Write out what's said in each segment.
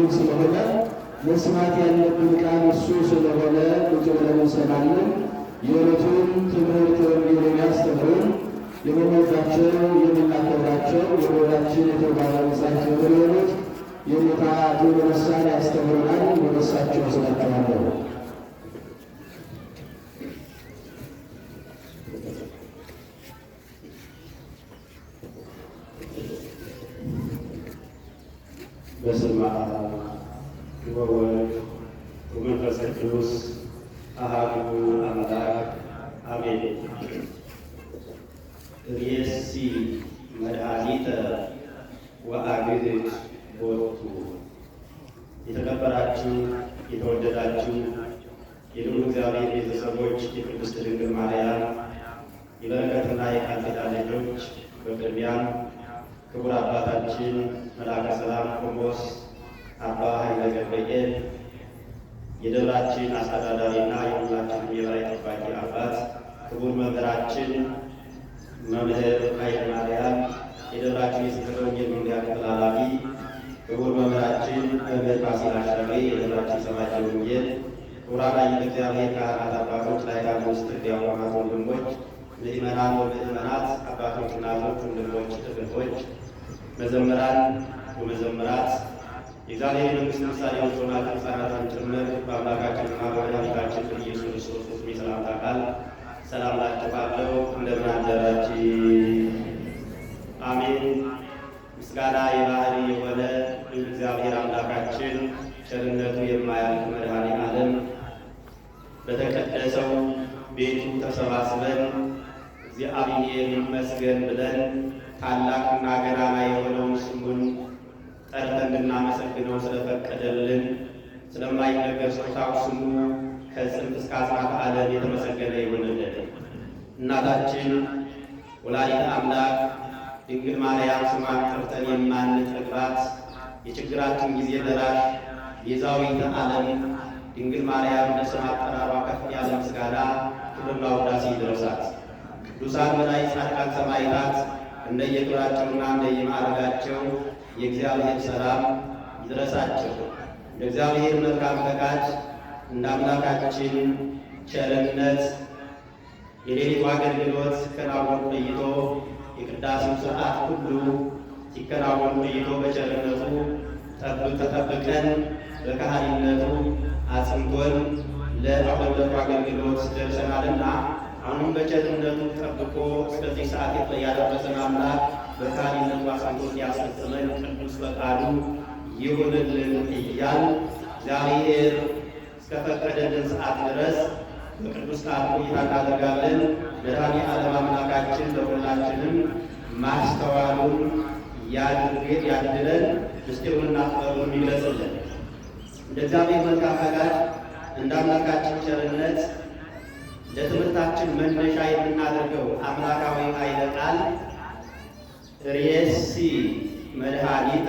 የሚያስፈልግ ስለሆነ መስማት ያለብን ቃል እሱ ስለሆነ ቁጭ ብለን እንሰማለን። የዕለቱን ትምህርት ወንጌል የሚያስተምሩን የምንወዳቸው የምናከብራቸው የወዳችን የተባለ ምሳቸው የሆኑት የሞታ ቴዎድሮስን ያስተምሩናል። ወደሳቸው ስላቸዋለሁ የተባረካችሁ የተወደዳችሁ የልዑል እግዚአብሔር ቤተሰቦች፣ የቅድስት ድንግል ማርያም የበረከትና የቃል ኪዳን ልጆች፣ በቅድሚያም ክቡር አባታችን መልአከ ሰላም ቆሞስ አባ ኃይለ ገብርኤል የደብራችን አስተዳዳሪና የሁላችንም የበላይ ጠባቂ አባት ክቡር መምህራችን መምህር ኃይለ ማርያም የደብራችን የስብከተ የመንጋ ተላላፊ ክቡር መምህራችን መምህር ፋሲል አሸቤ የደብራችን ሰባኪ ወንጌል፣ ክቡራን አየለ እግዚአብሔር ካህናት አባቶች፣ ላይዳን ውስጥ እንዲያቋማት ወንድሞች፣ ምእመናን ወምእመናት፣ አባቶች፣ እናቶች፣ ወንድሞች፣ እህቶች፣ መዘምራን ወመዘምራት የዛሬ መንግስት ምሳሌ ሆናችሁ ሕፃናትን ጭምር በአምላካችንና በመድኃኒታችን በኢየሱስ ክርስቶስ ስም የሰላምታ ቃል ሰላም ላችኋለሁ። እንደምን አደራችሁ። አሜን ምስጋና አምላካችን ቸርነቱ የማያልቅ መድኃኔ ዓለም በተቀደሰው ቤቱ ተሰባስበን እግዚአብሔር ይመስገን ብለን ታላቅና ገናና የሆነውን ስሙን ጠርተን እንድናመሰግነው ስለፈቀደልን ስለማይነገር ስጦታው ስሙ ከጽንፍ እስከ አጽናፈ ዓለም የተመሰገነ ይሆንልን። እናታችን ወላዲተ አምላክ ድንግል ማርያም ስሟን ጠርተን የማንጠግባት የችግራችን ጊዜ ደራሽ ቤዛዊተ ዓለም ድንግል ማርያም በስም አጠራሯ ከፍ ያለ ምስጋና ክብርና ውዳሴ ይድረሳት። ቅዱሳን መላእክት፣ ጻድቃን፣ ሰማዕታት እንደየክብራቸውና እንደየማዕረጋቸው የእግዚአብሔር ሰላም ይድረሳቸው። እንደ እግዚአብሔር መልካም ፈቃድ እንደ አምላካችን ቸርነት የሌሊቱ አገልግሎት ከናወቅ ለይቶ የቅዳሴው ስርዓት ሁሉ ሲከናወኑ ለይቶ በቸርነቱ ተጠብቀን በካህንነቱ አጽንቶን ለአገልግሎቱ አገልግሎት ደርሰናልና አሁንም በቸርነቱ ጠብቆ እስከዚህ ሰዓት ያደረሰን አምላክ በካህንነቱ አጽንቶን ያስፈጽመን ቅዱስ ፈቃዱ ይሁንልን እያል እግዚአብሔር እስከፈቀደልን ሰዓት ድረስ በቅዱስ ቃል ቆይታ እናደርጋለን። መድኃኔ ዓለም አምላካችን ለሁላችንም ማስተዋሉን ያድርገን ያድረን ምስጢሩንና ጥበቡን የሚገልጽልን እንደ እግዚአብሔር መልካም ፈቃድ እንደ አምላካችን ቸርነት ለትምህርታችን መነሻ የምናደርገው አምላካዊ ኃይለ ቃል ርእሲ መድኃኒተ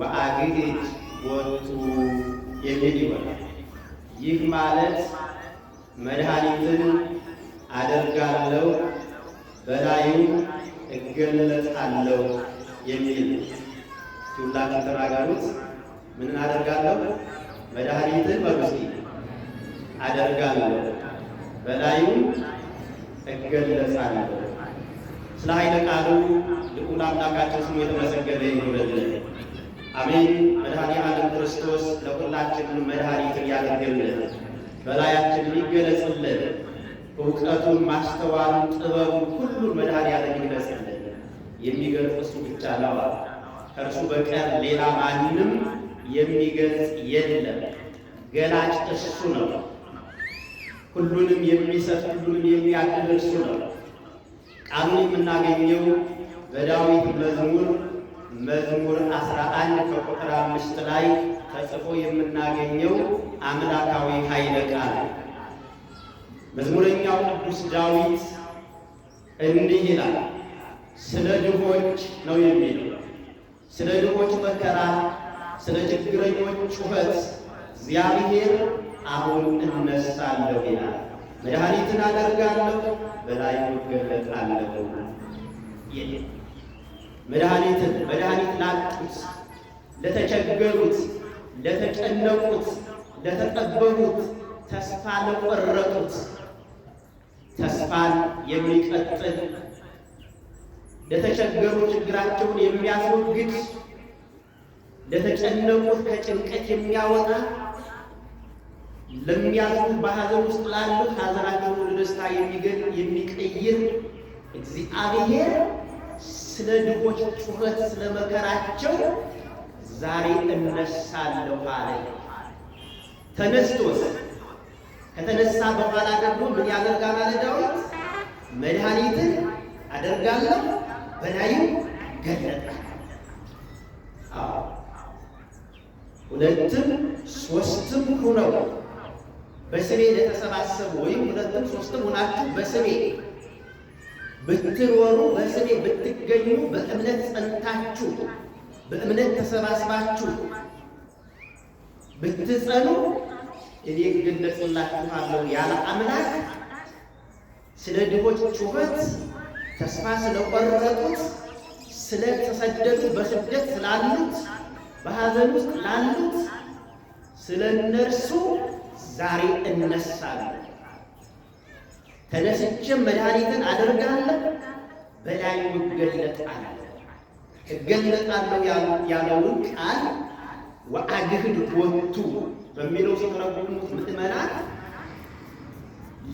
ወአግዕዝ ወጡ የሚል ይሆናል። ይህ ማለት መድኃኒትን አደርጋለሁ በላዩ እገለጣለሁ የሚል ነው። ሁላችሁ ተናገሩት። ምን አደርጋለሁ? መድኃኒትን በውስጤ አደርጋለሁ፣ በላዩም እገለጻለሁ። ስለ ኃይለ ቃሉ ልዑል አምላካቸው ስሙ የተመሰገነ ይሁንልን። አሜን። መድኃኔ ዓለም ክርስቶስ ለሁላችንም መድኃኒትን ያደርግልን፣ በላያችን ይገለጽልን፣ እውቀቱን፣ ማስተዋሉን፣ ጥበቡን ሁሉን መድኃኔ ዓለም ይግለጽልን። የሚገልጽ እሱ ብቻ ነው። ከእርሱ በቀር ሌላ ማንንም የሚገልጽ የለም። ገላጭ እሱ ነው። ሁሉንም የሚሰጥ ሁሉንም የሚያድል እሱ ነው። ቃሉን የምናገኘው በዳዊት መዝሙር መዝሙር 11 ከቁጥር አምስት ላይ ተጽፎ የምናገኘው አምላካዊ ኃይለ ቃል መዝሙረኛው ቅዱስ ዳዊት እንዲህ ይላል ስለ ድሆች ነው የሚለው። ስለ ድሆች መከራ፣ ስለ ችግረኞች ጩኸት እግዚአብሔር አሁን እነሳለሁ ይላል። መድኃኒትን አደርጋለሁ በላይ እገለጣለሁ። መድኃኒትን መድኃኒት ላጡት፣ ለተቸገሩት፣ ለተጨነቁት፣ ለተጠበቡት፣ ተስፋ ለቆረጡት ተስፋን የሚቀጥል ለተቸገሩ ችግራቸውን የሚያስወግድ ለተጨነቁት ከጭንቀት የሚያወጣ ለሚያዝኑት በሐዘን ውስጥ ላሉት ሐዘናቸውን ወደ ደስታ የሚገል የሚቀይር እግዚአብሔር ስለ ድሆች ጩኸት ስለ መከራቸው ዛሬ እነሳለሁ አለ። ተነስቶስ ከተነሳ በኋላ ደግሞ ምን ያደርጋል? አለ ዳዊት መድኃኒትን አደርጋለሁ በላዩ ገለጠ። ሁለትም ሶስትም ሁነው በስሜ ለተሰባሰቡ ወይም ሁለትም ሶስትም ሁናችሁ በስሜ ብትኖሩ በስሜ ብትገኙ በእምነት ጸንታችሁ በእምነት ተሰባስባችሁ ብትጸኑ እኔ እገለጽላችኋለሁ ያለ አምላክ ስለ ድሆች ጩኸት ተስፋ ስለቆረጡት፣ ስለተሰደዱ፣ በስደት ስላሉት፣ በሀዘን ውስጥ ላሉት ስለ እነርሱ ዛሬ እነሳለሁ፣ ተነስቼም መድኃኒትን አደርጋለሁ፣ በላዩ እገለጣለሁ። እገለጣለሁ ያለውን ቃል ወአግህድ ወቱ በሚለው ሲተረጉሙት ምዕመናን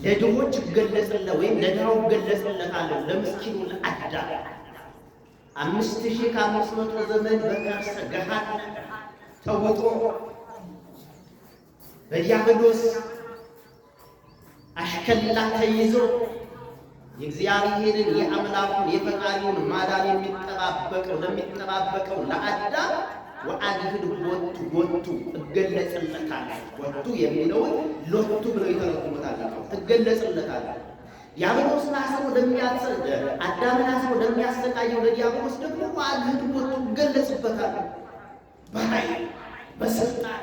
ለድሆች እገለጽለት ወይም ለድሃው እገለጽለታለሁ ለምስኪኑ ለአዳም አምስት ሺህ ከአምስት መቶ ዘመን በከርሰ ገሃነም ተውጦ በዲያብሎስ አሽከላ ተይዞ የእግዚአብሔርን የአምላኩን የፈጣሪውን ማዳን የሚጠባበቀው ለሚጠባበቀው ለአዳም ወአድህድ ቦት ጎቱ ትገለጽለታለህ። ጎቱ የሚለውን ሎቱ ብለው ይተረጉሙታል። ትገለጽለታለህ። ዲያብሎስን አስሮ ለሚያሰደ አዳምን አስሮ ለሚያሰቃየው ለዲያብሎስ ደግሞ ዋልህት ጎቱ ትገለጽበታል። በኃይል በስልጣን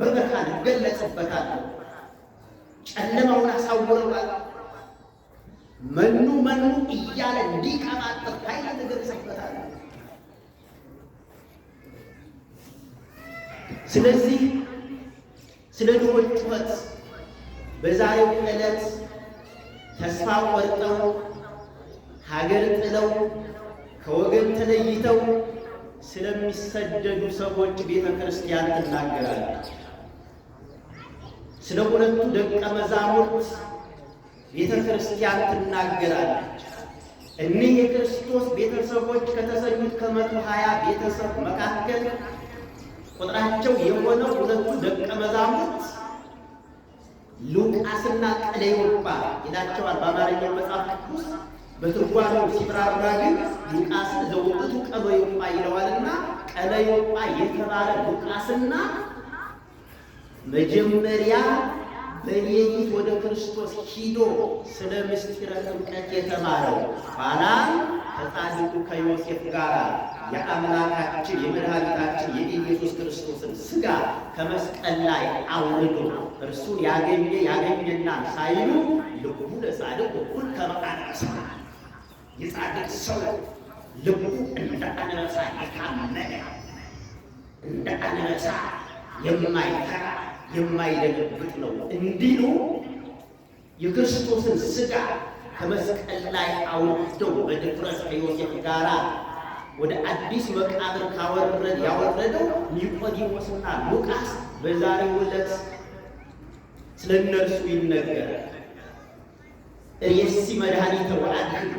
በመካን ትገለጽበታል። ጨለማውን አሳወረዋል። መኑ መኑ እያለ እንዲቀማጠር ኃይል ትገልጽበታል። ስለዚህ ስለ ድሆች ጩኸት በዛሬው ዕለት ተስፋ ቆርጠው ሀገር ጥለው ከወገን ተለይተው ስለሚሰደዱ ሰዎች ቤተ ክርስቲያን ትናገራለች። ስለ ሁለቱ ደቀ መዛሙርት ቤተ ክርስቲያን ትናገራለች። እኒህ የክርስቶስ ቤተሰቦች ከተሰኙት ከመቶ ሀያ ቤተሰብ መካከል ቁጥራቸው የሆነው ሁለቱ ደቀ መዛሙርት ሉቃስና ቀለዮጳ ይላቸዋል በአማርኛው መጽሐፍ ቅዱስ። በትርጓሜው ሲብራራ ግን ሉቃስን ዘውቱ ቀለዮጳ ይለዋልና ቀለዮጳ የተባለ ሉቃስና መጀመሪያ በሌሊት ወደ ክርስቶስ ሂዶ ስለ ምስጢረ ጥምቀት የተማረው ኋላ ከጻድቁ ከዮሴፍ ጋር የአምላካችን የመድኃኒታችን የኢየሱስ ክርስቶስን ስጋ ከመስቀል ላይ አውርዶ እርሱን ያገኘ ያገኘና ሳይሉ ልቡ ለጻድቅ እኩል ከመቃነሳ የጻድቅ ሰው ልቡ እንደ አነሳ የታመነ እንደ አነሳ የማይፈራ የማይደነግጥ ነው እንዲሉ የክርስቶስን ስጋ ከመስቀል ላይ አውርደው በድፍረት ከዮሴፍ ጋራ ወደ አዲስ መቃብር ካወረደ ያወረደው ኒቆዲሞስና ሉቃስ በዛሬው ዕለት ስለ እነርሱ ይነገራል። ርእሲ መድኃኒተ ወአድኅን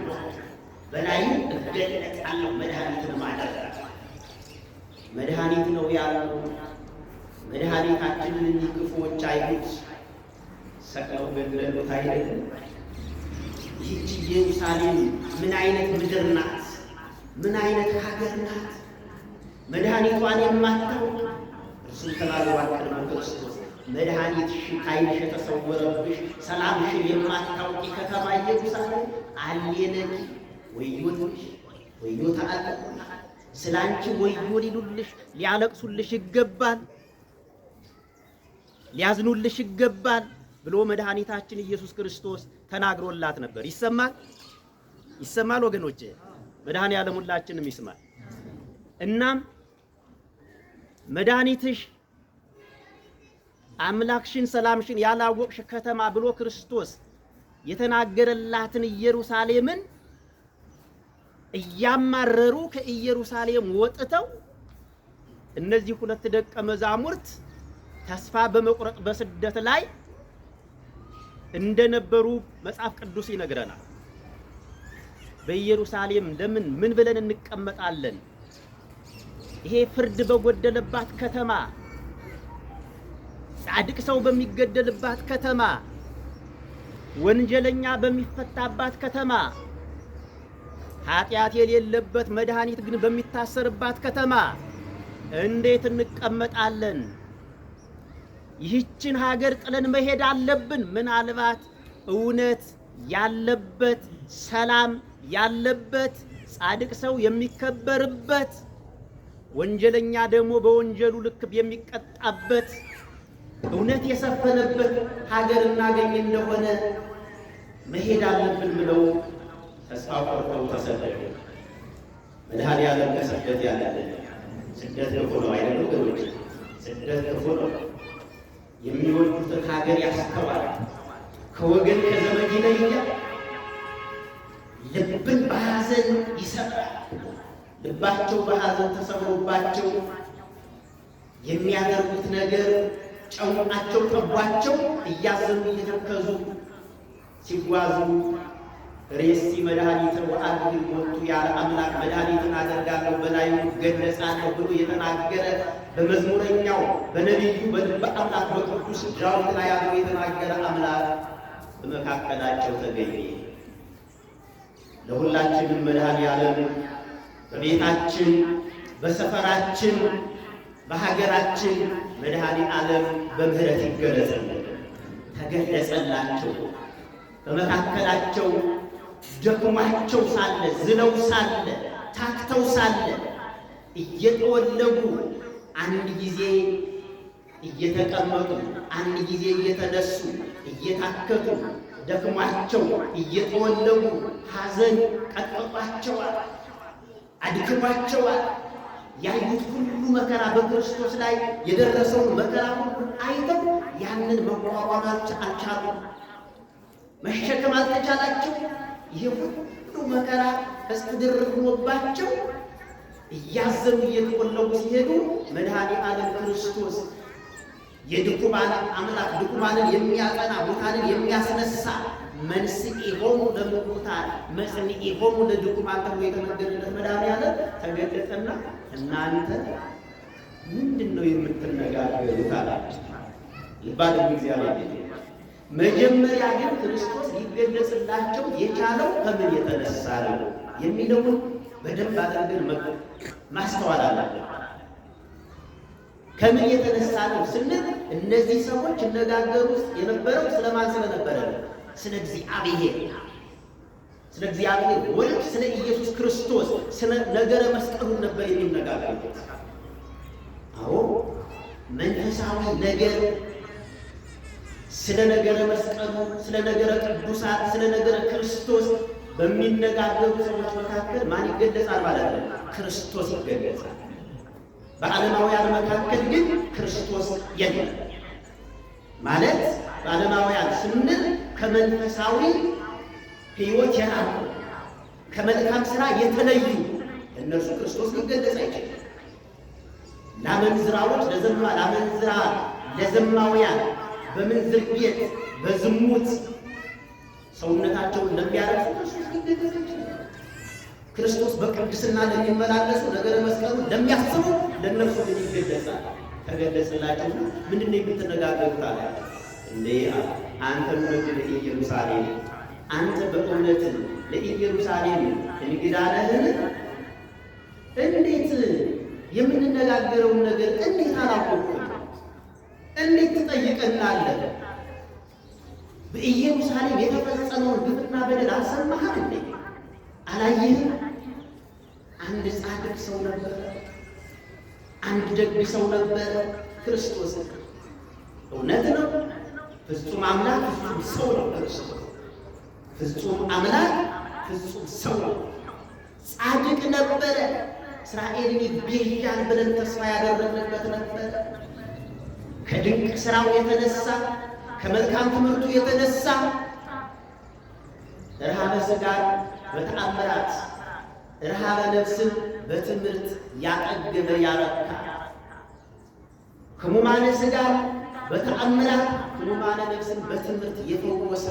በላይም እገለጣለሁ መድኃኒትን ማደረግ መድኃኒት ነው ያሉ መድኃኒታችንን እንጂ ክፉዎች አይሁድ ሰቅለው ገድለውት አይደለም። ይህች ኢየሩሳሌም ምን አይነት ምድር ናት? ምን አይነት ሀገር ናት? መድኃኒቷን የማታውቅ እርሱም ተባረዋል ቅድመ ክርስቶስ መድኃኒትሽን ከዓይንሽ የተሰወረብሽ ሰላምሽን የማታውቂ ከተማ ኢየሩሳሌም አሌነኪ ወዮልሽ፣ ወዮታ አለ ስለ አንቺ ወዮ ሊሉልሽ ሊያለቅሱልሽ ይገባል፣ ሊያዝኑልሽ ይገባል ብሎ መድኃኒታችን ኢየሱስ ክርስቶስ ተናግሮላት ነበር። ይሰማል፣ ይሰማል ወገኖቼ። መድኃኔ ዓለም ሁላችንም ይስማል። እናም መድኃኒትሽ አምላክሽን ሰላምሽን ያላወቅሽ ከተማ ብሎ ክርስቶስ የተናገረላትን ኢየሩሳሌምን እያማረሩ ከኢየሩሳሌም ወጥተው እነዚህ ሁለት ደቀ መዛሙርት ተስፋ በመቁረጥ በስደት ላይ እንደነበሩ መጽሐፍ ቅዱስ ይነግረናል። በኢየሩሳሌም ለምን ምን ብለን እንቀመጣለን? ይሄ ፍርድ በጎደለባት ከተማ፣ ጻድቅ ሰው በሚገደልባት ከተማ፣ ወንጀለኛ በሚፈታባት ከተማ፣ ኃጢአት የሌለበት መድኃኒት ግን በሚታሰርባት ከተማ እንዴት እንቀመጣለን? ይህችን ሀገር ጥለን መሄድ አለብን። ምናልባት እውነት ያለበት ሰላም ያለበት ጻድቅ ሰው የሚከበርበት ወንጀለኛ ደግሞ በወንጀሉ ልክ የሚቀጣበት እውነት የሰፈነበት ሀገር እናገኝ እንደሆነ መሄድ አለብን ብለው ተስፋ ቆርጠው ተሰደዱ። መድኃኔዓለም ከስደት ያለን ስደት ክፉ ነው አይደሉ? ገሮች ስደት ክፉ ነው። የሚወዱትን ሀገር ያስተባል ከወገን ከዘመድ ይለያል። ልብን በሐዘን ይሰብራል። ልባቸው በሐዘን ተሰብሮባቸው የሚያደርጉት ነገር ጨውቃቸው ጠቧቸው እያዘኑ እየተከዙ ሲጓዙ ሬሲ መድኃኒትን ወአድል ሞቱ ያለ አምላክ መድኃኒትን አደርጋለሁ በላዩ ገለጻለሁ ብሎ የተናገረ በመዝሙረኛው በነቢዩ በልበ አምላክ በቅዱስ ዳዊት ላይ ያለው የተናገረ አምላክ በመካከላቸው ተገኘ። ለሁላችንም መድኃኔ ዓለም በቤታችን፣ በሰፈራችን፣ በሀገራችን መድኃኔ ዓለም በምህረት ይገለጽልን። ተገለጸላቸው በመካከላቸው ደክሟቸው ሳለ ዝለው ሳለ ታክተው ሳለ እየጠወለጉ አንድ ጊዜ እየተቀመጡ አንድ ጊዜ እየተነሱ እየታከቱ ደክሟቸው እየተወለጉ ሐዘን ቀጥቅጧቸዋል፣ አድክሟቸዋል። ያዩት ሁሉ መከራ በክርስቶስ ላይ የደረሰውን መከራ ሁሉ አይተው ያንን መቋቋም አልቻሉም፣ መሸከም አልተቻላቸው። ይህ ሁሉ መከራ እስክድርግሞባቸው እያዘኑ እየተቆለጉ ሲሄዱ መድኃኔ ዓለም ክርስቶስ የድኩማን አምላክ ድኩማንን የሚያጠና ሙታንን የሚያስነሳ መንስኤ ሆኑ ለሙታን መጽንኤ ሆሙ ለድኩማን ተብሎ የተመደበለት መድኃኒዓለም ተገለጠና እናንተ ምንድን ነው የምትነጋገሩት አላቸው። ልባል እግዚአብሔር መጀመሪያ ግን ክርስቶስ ሊገለጽላቸው የቻለው ከምን የተነሳ ነው የሚለውን በደንብ አድርገን ማስተዋል አላለን። ከምን የተነሳ ነው ስንል እነዚህ ሰዎች ይነጋገሩ ውስጥ የነበረው ስለማን ስለነበረ ነው? ስለ እግዚአብሔር ስለ እግዚአብሔር ወልድ ስለ ኢየሱስ ክርስቶስ ስለ ነገረ መስቀሉን ነበር የሚነጋገሩት። አዎ መንፈሳዊ ነገር ስለ ነገረ መስቀሉ፣ ስለ ነገረ ቅዱሳት፣ ስለ ነገረ ክርስቶስ በሚነጋገሩ ሰዎች መካከል ማን ይገለጻል ማለት ነው? ክርስቶስ ይገለጻል። በዓለማውያን መካከል ግን ክርስቶስ የለም ማለት በዓለማውያን ስንል ከመንፈሳዊ ሕይወት የራቁ ከመልካም ስራ የተለዩ እነርሱ ክርስቶስ ሊገለጽ አይችልም። ለአመንዝራዎች ለዘማ ለአመንዝራ ለዘማውያን በምንዝር ቤት በዝሙት ሰውነታቸውን ለሚያረሱ ክርስቶስ ሊገለጽ አይችልም። ክርስቶስ በቅድስና ለሚመላለሱ ነገረ መስቀሉ ለሚያስቡ ለነሱ ግን ይገለጻል። ተገለጽላችሁ ምንድን ነው የምትነጋገሩት? አለ እንዴ አንተ እውነት ለኢየሩሳሌም አንተ በእውነት ለኢየሩሳሌም እንግዳ ነህን? እንዴት የምንነጋገረውን ነገር እንዴት አላወቅኩም? እንዴት ትጠይቀናለህ? በኢየሩሳሌም የተፈጸመውን ግፍና በደል አልሰማህም እንዴ? አላየህም? አንድ ጻድቅ ሰው ነበር፣ አንድ ደግ ሰው ነበር። ክርስቶስ እውነት ነው። ፍጹም አምላክ ፍጹም ሰው ነው ክርስቶስ። ፍጹም አምላክ ፍጹም ሰው ነው። ጻድቅ ነበረ። እስራኤልን ይቤዣል ብለን ተስፋ ያደረግንበት ነበረ። ከድንቅ ስራው የተነሳ ከመልካም ትምህርቱ የተነሳ ረሃበ ስጋር በተአምራት ርሃበ ነፍስን በትምህርት ያጠገበ ያረካ፣ ሕሙማነ ሥጋን በተአምራት ሕሙማነ ነፍስን በትምህርት የፈወሰ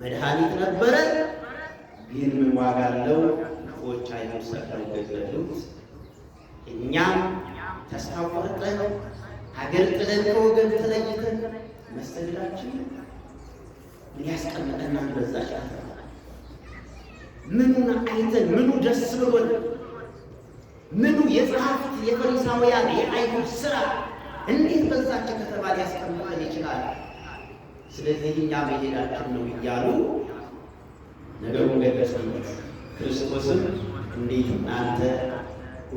መድኃኒት ነበረ። ይህን ምን ዋጋ አለው? ክፉዎች ዓይኑን ሰቅለው ገደሉት። እኛም ተስፋ ቆርጠን ሀገር ጥለን ከወገን ተለይተን መሰደዳችን ምን ያስቀምጠናል? በዛች ምኑን አይተን ምኑ ደስ ብሎን ምኑ የጸሐፍት የፈሪሳውያን የአይሁድ ስራ እንዴት በዛች ከተማ ሊያስቀምጠን ይችላል? ስለዚህ እኛ መሄዳችን ነው እያሉ ነገሩን ገለጹለት። ክርስቶስም እንዴት እናንተ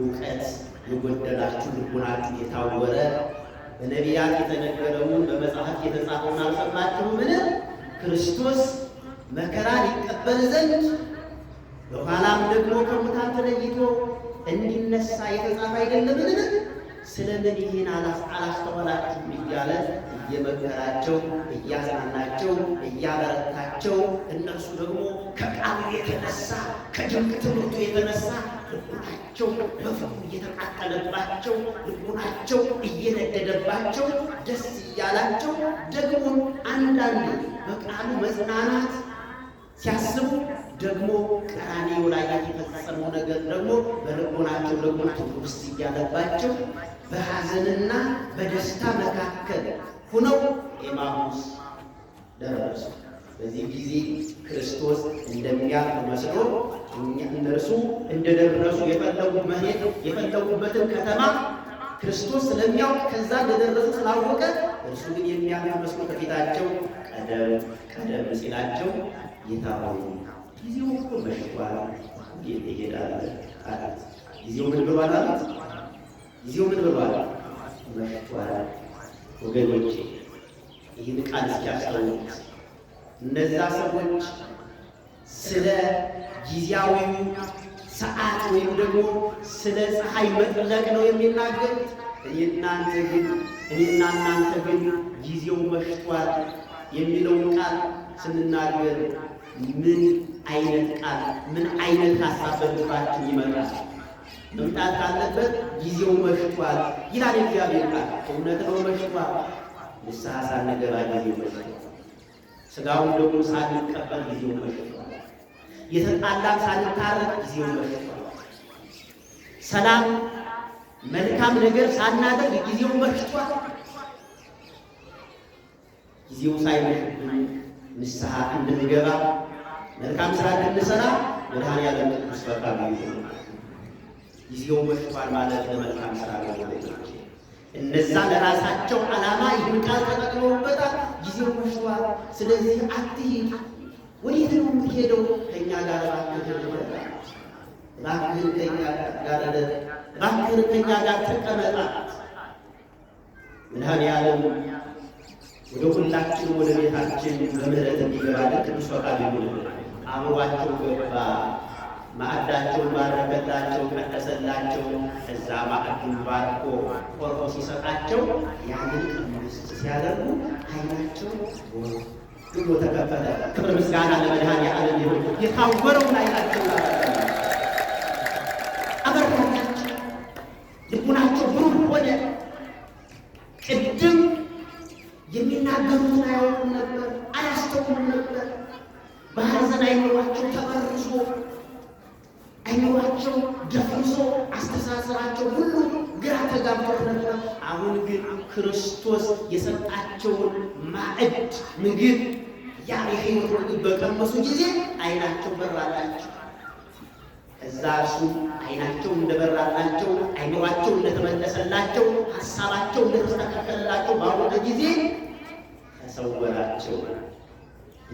እውቀት የጎደላችሁ ልቡናችሁ የታወረ በነቢያት የተነገረውን በመጽሐፍ የተጻፈውን ምን ክርስቶስ መከራ ሊቀበል ዘንድ በኋላም ደግሞ ከሙታን ተለይቶ እንዲነሳ የተጻፈ አይደለምን? ስለምን ይህን አላስተዋላችሁም? እያለ እየመከራቸው እያዝናናቸው እያበረታቸው እነሱ ደግሞ ከቃሉ የተነሳ ከድንቅ ትምህርቱ የተነሳ ልቡናቸው በፍቅሩ እየተቃጠለባቸው ልቡናቸው እየነደደባቸው ደስ እያላቸው ደግሞ አንዳንዱ በቃሉ መጽናናት ሲያስቡ ደግሞ ቀራኔው ላይ የተፈጸመው ነገር ደግሞ በልቦናቸው ደግሞ ውስጥ እያለባቸው በሐዘንና በደስታ መካከል ሁነው ኤማሁስ ደረሱ። በዚህ ጊዜ ክርስቶስ እንደሚያልፍ መስሎ እነርሱ እንደደረሱ የፈለጉ መሄድ የፈለጉበትን ከተማ ክርስቶስ ስለሚያውቅ ከዛ እንደደረሱ ስላወቀ እርሱ ግን የሚያልፍ መስሎ ከፊታቸው ቀደም ቀደም ሲላቸው ጌታ ሆይ ጊዜው እኮ መሽጓል፣ ጌጥ ይሄዳል አላት። ጊዜው ምን ብሏል አላት። ጊዜው ምን ብሏል መሽጓል። ወገኖቼ ይህን ቃል እስኪያስተውሉት እነዛ ሰዎች ስለ ጊዜያዊ ሰዓት ወይም ደግሞ ስለ ፀሐይ መጥለቅ ነው የሚናገር እናንተ ግን እኔና እናንተ ግን ጊዜው መሽቷል የሚለውን ቃል ስንናገር ምን አይነት ቃል ምን አይነት ሀሳብ በልባችሁ ይመጣል? መምጣት ካለበት ጊዜው መሽቷል ይላል እግዚአብሔር ቃል። እውነት ነው መሽቷል። ንስሐ ሳንገባ ጊዜው መሽቷል። ስጋውን ደግሞ ሳንቀበል ጊዜው መሽቷል። የተጣላን ሳንታረቅ ጊዜው መሽቷል። ሰላም መልካም ነገር ሳናደርግ ጊዜው መሽቷል። ጊዜው ሳይመሽብን ንስሐ እንድንገባ መልካም ስራ እንድንሰራ መድኃኔዓለም ቅዱስ ፈቃዱ ይሁን። ጊዜው መጥቷል ማለት ለመልካም ስራ ነው ማለት ነው። እነዛ ለራሳቸው ዓላማ ይህን ቃል ተጠቅመውበታል። ጊዜው መጥቷል። ስለዚህ አትሂድ፣ ወዴት ነው የምትሄደው? ከእኛ ጋር እባክህን ከኛ ከእኛ ጋር እባክህን ከእኛ ጋር ተቀመጣ። መድኃኔዓለም ወደ ሁላችን ወደ ቤታችን በምህረት እንዲገባለን ቅዱስ ፈቃዱ ይሁን። አእምሯቸው ገባ። ማዕዳቸውን ባረከላቸው፣ ቀደሰላቸው። እዛ ማዕዱን ባርኮ ቆርቆ ሲሰጣቸው ያንን ቀምስ ሲያደርጉ አይናቸው ብሎ ተከፈተ። ክብር ምስጋና ለመድኃኔ ዓለም ይሁን። የታወረውን አይናቸው አይኖራቸው ደፍርሶ አስተሳሰራቸው ሁሉ ግራ ተጋብተው ነበር። አሁን ግን ክርስቶስ የሰጣቸውን ማዕድ ምግብ ያ የሕይወት ምግብ በቀመሱ ጊዜ አይናቸው በራላቸው። እዛ እሱ አይናቸው እንደበራላቸው አይኖራቸው እንደተመለሰላቸው ሀሳባቸው እንደተስተካከለላቸው ባወቀ ጊዜ ተሰወራቸው።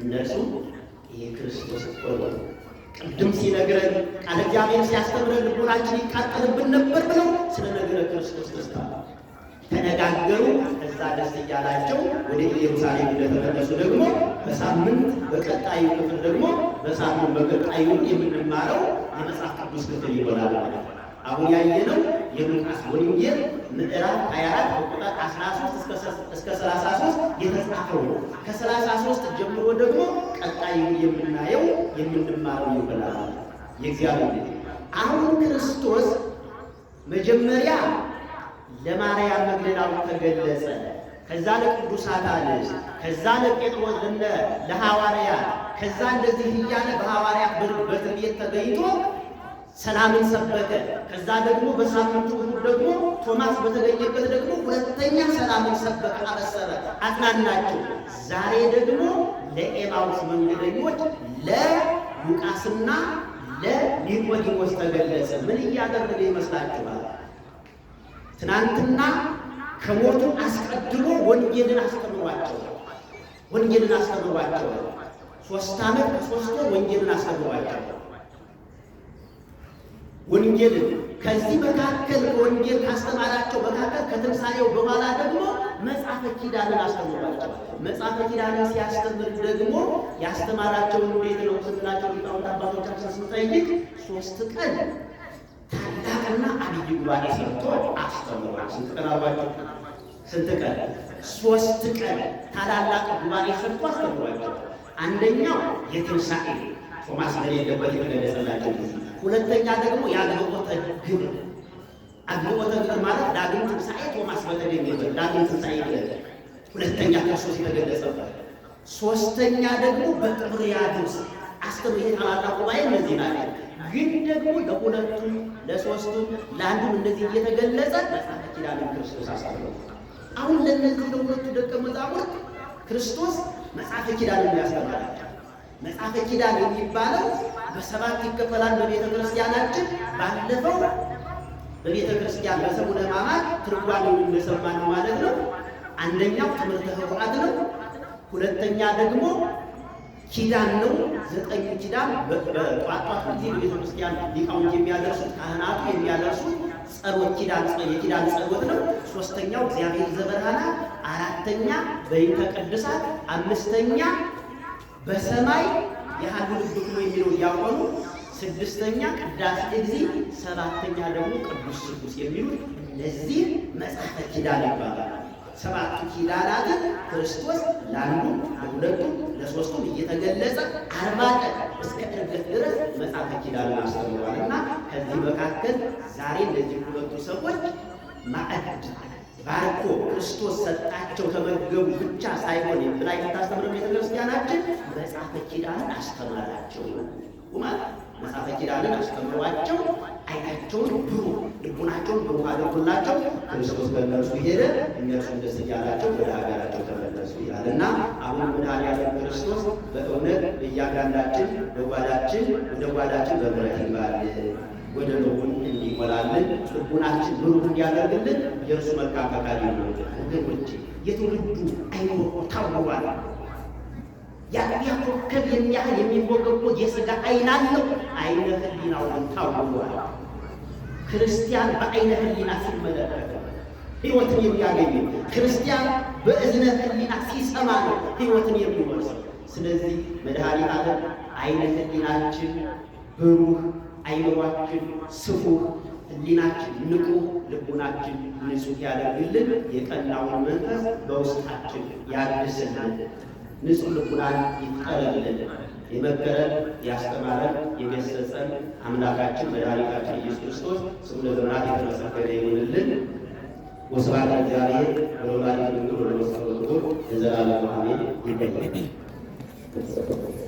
እነርሱ ይህ ክርስቶስ ቆሎ ቅድም ሲነግረን ቃለ እግዚአብሔር ሲያስተምረን ልቦናችን ይቃጠልብን ነበር ብለው ስለ ስለነገረ ክርስቶስ ደስታ ተነጋገሩ። እዛ ደስ እያላቸው ወደ ኢየሩሳሌም እንደተመለሱ ደግሞ በሳምንት በቀጣዩ ክፍል ደግሞ በሳምንት በቀጣዩ የምንማረው የመጽሐፍ ቅዱስ ክፍል ይሆናል ማለት ነው። አሁን ያየነው የሉቃስ ወንጌል ምዕራፍ 24 ቁጥር 13 እስከ 33 የተጻፈው ነው። ከ33 ጀምሮ ደግሞ ቀጣይ የምናየው የምንማረው ይሆናል። የእግዚአብሔር አሁን ክርስቶስ መጀመሪያ ለማርያም መግደላዊት ተገለጸ። ከዛ ለቅዱሳት አንስት፣ ከዛ ለጴጥሮስ ለሐዋርያት፣ ከዛ እንደዚህ እያለ በሐዋርያት በትንቢት ተገኝቶ ሰላምን ሰበከ። ከዛ ደግሞ በሳምንቱ እሑድ ደግሞ ቶማስ በተገኘበት ደግሞ ሁለተኛ ሰላምን ሰበከ፣ አበሰረ፣ አጽናናቸው። ዛሬ ደግሞ ለኤማውስ መንገደኞች ለሉቃስና ለኒቆዲሞስ ተገለጸ። ምን እያደረገ ይመስላችኋል? ትናንትና ከሞቱ አስቀድሞ ወንጌልን አስተምሯቸው ወንጌልን አስተምሯቸው ሶስት ዓመት ከሶስት ወንጌልን አስተምሯቸው ወንጌልን ከዚህ መካከል ወንጌል ካስተማራቸው መካከል ከትንሳኤው በኋላ ደግሞ መጽሐፈ ኪዳንን አስተምሯቸው። መጽሐፈ ኪዳንን ሲያስተምር ደግሞ ያስተማራቸው እንዴት ነው ስንላቸው ሊቃውንት አባቶቻችን ስንጠይቅ ሶስት ቀን ታላቅና አብይ ጉባኤ ሰርቶ አስተምሯል። ስንት ቀን አሏቸው? ስንት ቀን? ሶስት ቀን ታላላቅ ጉባኤ ሰርቶ አስተምሯቸው። አንደኛው የትንሳኤ ማስበር የለበት የተገለጸላቸው። ሁለተኛ ደግሞ የአግብኦተ ግብር፣ አግብኦተ ግብር ማለት ዳግም ትንሣኤ ቶማስ በተገኘ ዳግም ትንሣኤ ይገለ ሁለተኛ ክርስቶስ የተገለጸበት። ሶስተኛ ደግሞ በጥብርያድስ አስር የጠራራ ጉባኤ እነዚህ ናቸው። ግን ደግሞ ለሁለቱም ለሶስቱም ለአንዱም እንደዚህ እየተገለጸ መጽሐፈ ኪዳንም ክርስቶስ አስተምሮ አሁን ለእነዚህ ለሁለቱ ደቀ መዛሙርት ክርስቶስ መጽሐፈ ኪዳንም ያስተምራል። መጽሐፈ ኪዳን የሚባለው በሰባት ይከፈላል። በቤተ ክርስቲያናችን ባለፈው በቤተ ክርስቲያን በሰሙነ ሕማማት ትርጓሜውን ነው ማለት ነው። አንደኛው ትምህርተ ኅቡዓት ነው። ሁለተኛ ደግሞ ኪዳን ነው። ዘጠኙ ኪዳን በጧጧት ጊዜ በቤተ ክርስቲያን ሊቃውንት የሚያደርሱት ካህናቱ የሚያደርሱት ጸሎት ኪዳን የኪዳን ጸሎት ነው። ሶስተኛው እግዚአብሔር ዘበርሃና፣ አራተኛ በይንተ ቅድሳት፣ አምስተኛ በሰማይ የሀገር ብሎ የሚለው እያቆኑ ስድስተኛ ቅዳሴ ጊዜ ሰባተኛ ደግሞ ቅዱስ ስሉስ የሚሉት እነዚህ መጽሐፈ ኪዳን ይባላል። ሰባቱ ኪዳናትን ክርስቶስ ለአንዱ ለሁለቱ ለሶስቱም እየተገለጸ አርባ ቀን እስከ እርገት ድረስ መጽሐፈ ኪዳል አስተምሯል እና ከዚህ መካከል ዛሬ እነዚህ ሁለቱ ሰዎች ማዕድ ባርኮ ክርስቶስ ሰጣቸው ተመገቡ ብቻ ሳይሆን ብላ የምታስተምረ ቤተክርስቲያናችን መጽሐፈ ኪዳንን አስተምራቸው ማለት መጽሐፈ ኪዳንን አስተምሯቸው አይናቸውን ብሩ ልቡናቸውን ብሩ አድርጉላቸው። ክርስቶስ በእነርሱ ሄደ፣ እነርሱ ደስ እያላቸው ወደ ሀገራቸው ተመለሱ ይላል እና አሁን ያለ ክርስቶስ በእውነት እያንዳንዳችን በጓዳችን ወደ ጓዳችን በምሕረት ይግባል። ወደ ልቡን እንዲሞላልን ልቡናችን ብሩህ እንዲያደርግልን የእርሱ መልካም ፈቃድ ነው። ወገኖቼ የትውልዱ አይኖ ታውሯል። ያሚያኮከብ የሚያህል የሚንቦገቦግ የስጋ አይን አለው። አይነ ህሊናውን ታውሯል። ክርስቲያን በአይነ ህሊና ሲመለከት ህይወትን የሚያገኝ ክርስቲያን በእዝነ ህሊና ሲሰማ ነው ህይወትን የሚወርሰው። ስለዚህ መድኃኒት ዓለም አይነ ህሊናችን ብሩህ አይምሯችን ስፉህ፣ ህሊናችን ንቁ፣ ልቡናችን ንጹህ ያደርግልን። የቀናውን መንፈስ በውስጣችን ያድስልን። ንጹህ ልቡናን ይፍጠርልን። የመከረን ያስተማረን የገሰጸን አምላካችን መድኃኒታችን ኢየሱስ ክርስቶስ ስሙ ለዘመናት የተመሰገነ ይሁንልን። ወስብሐት ለእግዚአብሔር ወለወላዲቱ ድንግል ወለመስቀሉ ክቡር ለዘላለሙ አሜን። ይበል